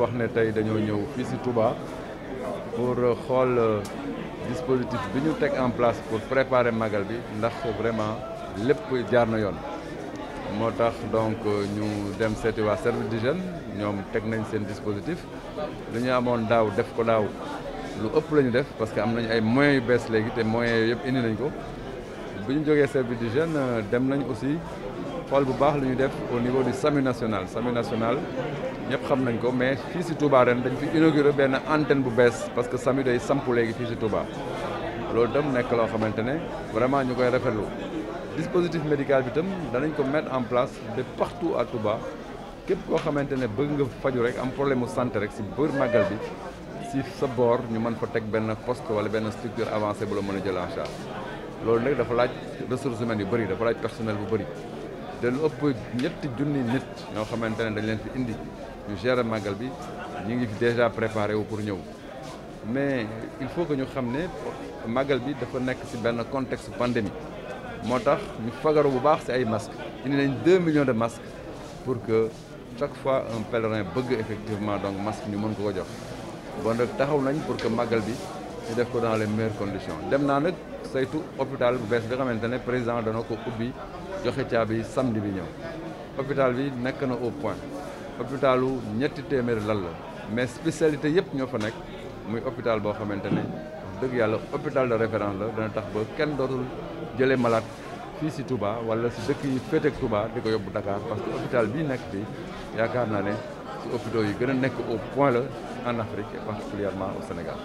wax ne tey dañoo ñëw fii ci Touba pour xool euh, dispositif bi ñu teg en place pour préparer magal bi ndax vraiment lépp jaar na yoon. moo tax donc euh, ñu dem seeti waa service d'hygiène ñoom teg nañ seen dispositif lu ñu amoon daaw def ko daaw lu ëpp la ñu def parce que am nañu ay moyens yu bees léegi te moyens yooyu yëpp indi nañ ko bi ñu jógee service d'hygiène euh, dem nañ aussi. xool bu baax lu ñu def au niveau du SAMU national SAMU national ñëpp xam nañ ko mais fii si Touba ren dañ fi inauguré benn antenne bu bees parce que SAMU day samp léegi fii si Touba loolu itam nekk loo xamante ne vraiment ñu koy rafetlu dispositif médical bi itam danañ ko mettre en place de partout a Touba képp koo xamante ne bëgg nga faju rek am problème mu santé rek si bër màggal bi si sa boor ñu mën fa teg benn poste wala benn structure avancé bu la mën a jël en charge loolu nag dafa laaj ressources yu bëri dafa laaj personnel bu bëri te lu ëpp ñetti junni nit ñoo xamante ne dañ leen fi indi ñu gérer màggal bi ñu ngi fi déjà préparé wu pour ñëw mais il faut que ñu xam ne màggal bi dafa nekk ci benn contexte pandémie moo tax ñu fagaru bu baax ci ay masques indi nañ deux million de masques pour que chaque fois un pèlerin bëgg effectivement donc masque ñu mën ko ko jox bon nag taxaw nañ pour que màggal bi ñu def ko dans les meilleures conditions dem naa nag saytu hôpital bu bees bi xamante ne président dana ko ubbi joxe caabi samedi bi ñëw hôpital bi nekk na au point hôpitalu ñetti téeméeri lal la mais spécialité yëpp ñoo fa nekk muy hôpital boo xamante ne dëgg yàlla hôpital de référence la dana tax ba kenn dootul jëlee malaat fii si tubaa wala si dëkk yi féete ak di ko yóbbu Dakar parce que hôpital bii nekk fii yaakaar naa ne si hôpitaux yi gën a nekk au point la en Afrique et particulièrement au Sénégal.